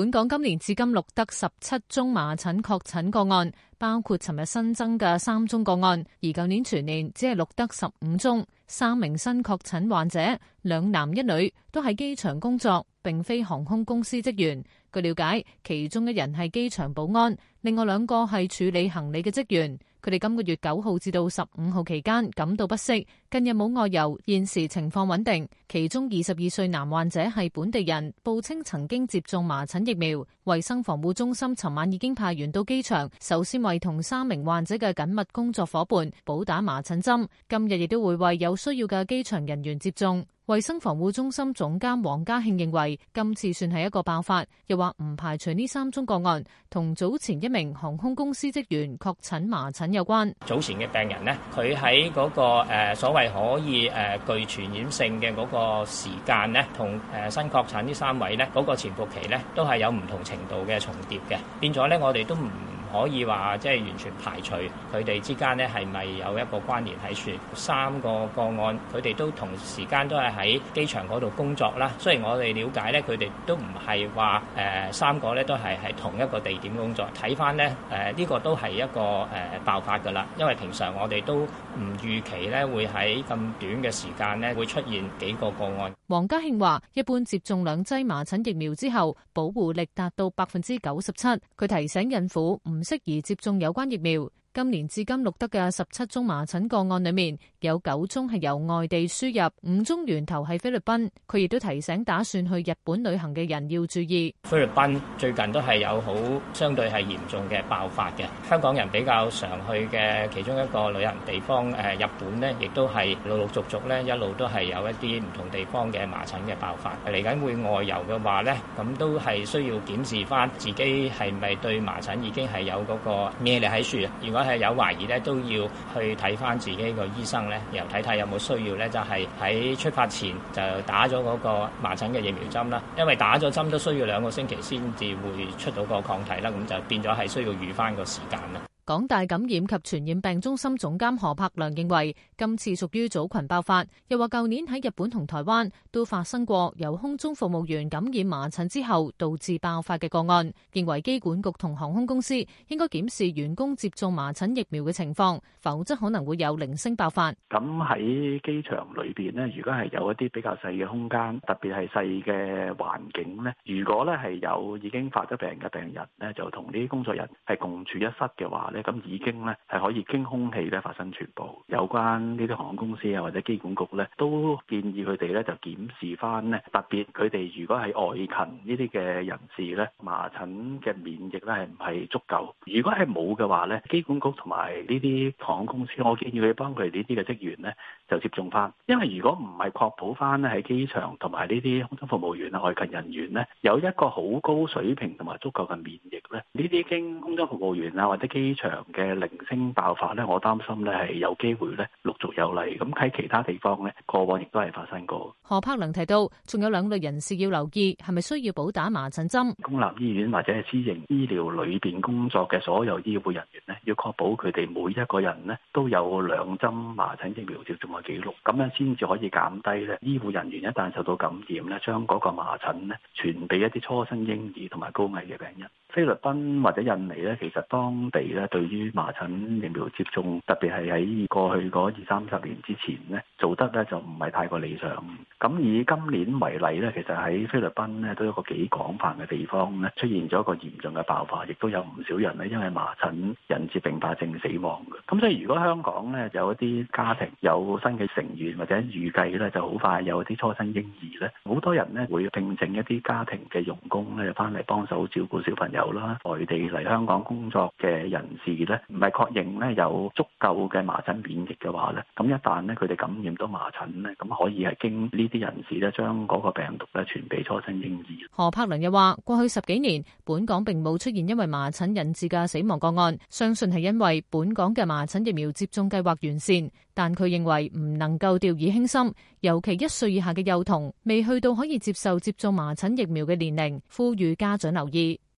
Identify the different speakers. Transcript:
Speaker 1: 本港今年至今錄得十七宗麻疹確診個案，包括尋日新增嘅三宗個案。而舊年全年只係錄得十五宗，三名新確診患者，兩男一女，都喺機場工作，並非航空公司職員。據了解，其中一人係機場保安，另外兩個係處理行李嘅職員。佢哋今個月九號至到十五號期間感到不適，近日冇外遊，現時情況穩定。其中二十二歲男患者係本地人，報稱曾經接種麻疹疫苗。衛生防護中心尋晚已經派員到機場，首先為同三名患者嘅緊密工作夥伴補打麻疹針，今日亦都會為有需要嘅機場人員接種。衛生防護中心總監黃家慶認為，今次算係一個爆發，又話唔排除呢三宗個案，同早前一名航空公司職員確診麻疹。有關
Speaker 2: 早前嘅病人咧，佢喺嗰個誒所謂可以誒具傳染性嘅嗰個時間咧，同誒新確診呢三位咧，嗰個潛伏期咧，都係有唔同程度嘅重疊嘅，變咗咧，我哋都唔可以話即係完全排除佢哋之間咧係咪有一個關聯喺處。三個個案佢哋都同時間都係喺機場嗰度工作啦。雖然我哋了解呢佢哋都唔係話誒三個咧都係喺同一個地點工作。睇翻咧誒呢、呃呢個都係一個誒爆發㗎啦，因為平常我哋都唔預期咧會喺咁短嘅時間咧會出現幾個個案。
Speaker 1: 黃家慶話：一般接種兩劑麻疹疫苗之後，保護力達到百分之九十七。佢提醒孕婦唔唔適宜接種有關疫苗。今年至今錄得嘅十七宗麻疹個案裏面，有九宗係由外地輸入，五宗源頭係菲律賓。佢亦都提醒打算去日本旅行嘅人要注意。
Speaker 2: 菲律賓最近都係有好相對係嚴重嘅爆發嘅。香港人比較常去嘅其中一個旅行地方，誒，日本咧，亦都係陸陸續續咧，一路都係有一啲唔同地方嘅麻疹嘅爆發。嚟緊會外遊嘅話咧，咁都係需要檢視翻自己係咪對麻疹已經係有嗰個咩嚟喺度啊？如果係有懷疑咧，都要去睇翻自己個醫生咧，又睇睇有冇需要咧，就係喺出發前就打咗嗰個麻疹嘅疫苗針啦。因為打咗針都需要兩個星期先至會出到個抗體啦，咁就變咗係需要預翻個時間啦。
Speaker 1: 港大感染及傳染病中心總監何柏良認為，今次屬於組群爆發，又話舊年喺日本同台灣都發生過由空中服務員感染麻疹之後導致爆發嘅個案，認為機管局同航空公司應該檢視員工接種麻疹疫苗嘅情況，否則可能會有零星爆發。
Speaker 3: 咁喺機場裏邊咧，如果係有一啲比較細嘅空間，特別係細嘅環境咧，如果咧係有已經發咗病嘅病人咧，就同呢啲工作人係共處一室嘅話咧。咁已經咧係可以經空氣咧發生全部。有關呢啲航空公司啊或者機管局咧，都建議佢哋咧就檢視翻咧，特別佢哋如果係外勤呢啲嘅人士咧，麻疹嘅免疫咧係唔係足夠？如果係冇嘅話咧，機管局同埋呢啲航空公司，我建議佢哋幫佢哋呢啲嘅職員咧就接種翻。因為如果唔係確保翻咧喺機場同埋呢啲空中服務員啊外勤人員咧，有一個好高水平同埋足夠嘅免疫咧，呢啲經空中服務員啊或者機長嘅零星爆發呢，我擔心呢係有機會呢，陸續有嚟。咁喺其他地方呢，過往亦都係發生過。
Speaker 1: 何柏良提到，仲有兩類人士要留意，係咪需要補打麻疹針？
Speaker 3: 公立醫院或者係私營醫療裏邊工作嘅所有醫護人員呢，是是要確保佢哋每一個人呢都有兩針麻疹疫苗接種嘅記錄，咁樣先至可以減低呢醫護人員一旦受到感染呢，將嗰個麻疹呢傳俾一啲初生嬰兒同埋高危嘅病人。菲律賓或者印尼咧，其實當地咧對於麻疹疫苗接種，特別係喺過去嗰二三十年之前咧，做得咧就唔係太過理想。咁以今年為例咧，其實喺菲律賓咧都一個幾廣泛嘅地方咧，出現咗一個嚴重嘅爆發，亦都有唔少人咧因為麻疹引致併發症死亡嘅。咁、嗯、所以如果香港咧有一啲家庭有新嘅成員或者預計咧就好快有啲初生嬰兒咧，好多人咧會聘請一啲家庭嘅傭工咧翻嚟幫手照顧小朋友。有啦，外地嚟香港工作嘅人士呢，唔係確認呢有足夠嘅麻疹免疫嘅話呢，咁一旦呢佢哋感染到麻疹呢，咁可以係經呢啲人士呢將嗰個病毒咧傳俾初生嬰兒。
Speaker 1: 何柏倫又話，過去十幾年，本港並冇出現因為麻疹引致嘅死亡個案，相信係因為本港嘅麻疹疫苗接種計劃完善。但佢認為唔能夠掉以輕心，尤其一歲以下嘅幼童未去到可以接受接種麻疹疫苗嘅年齡，呼籲家長留意。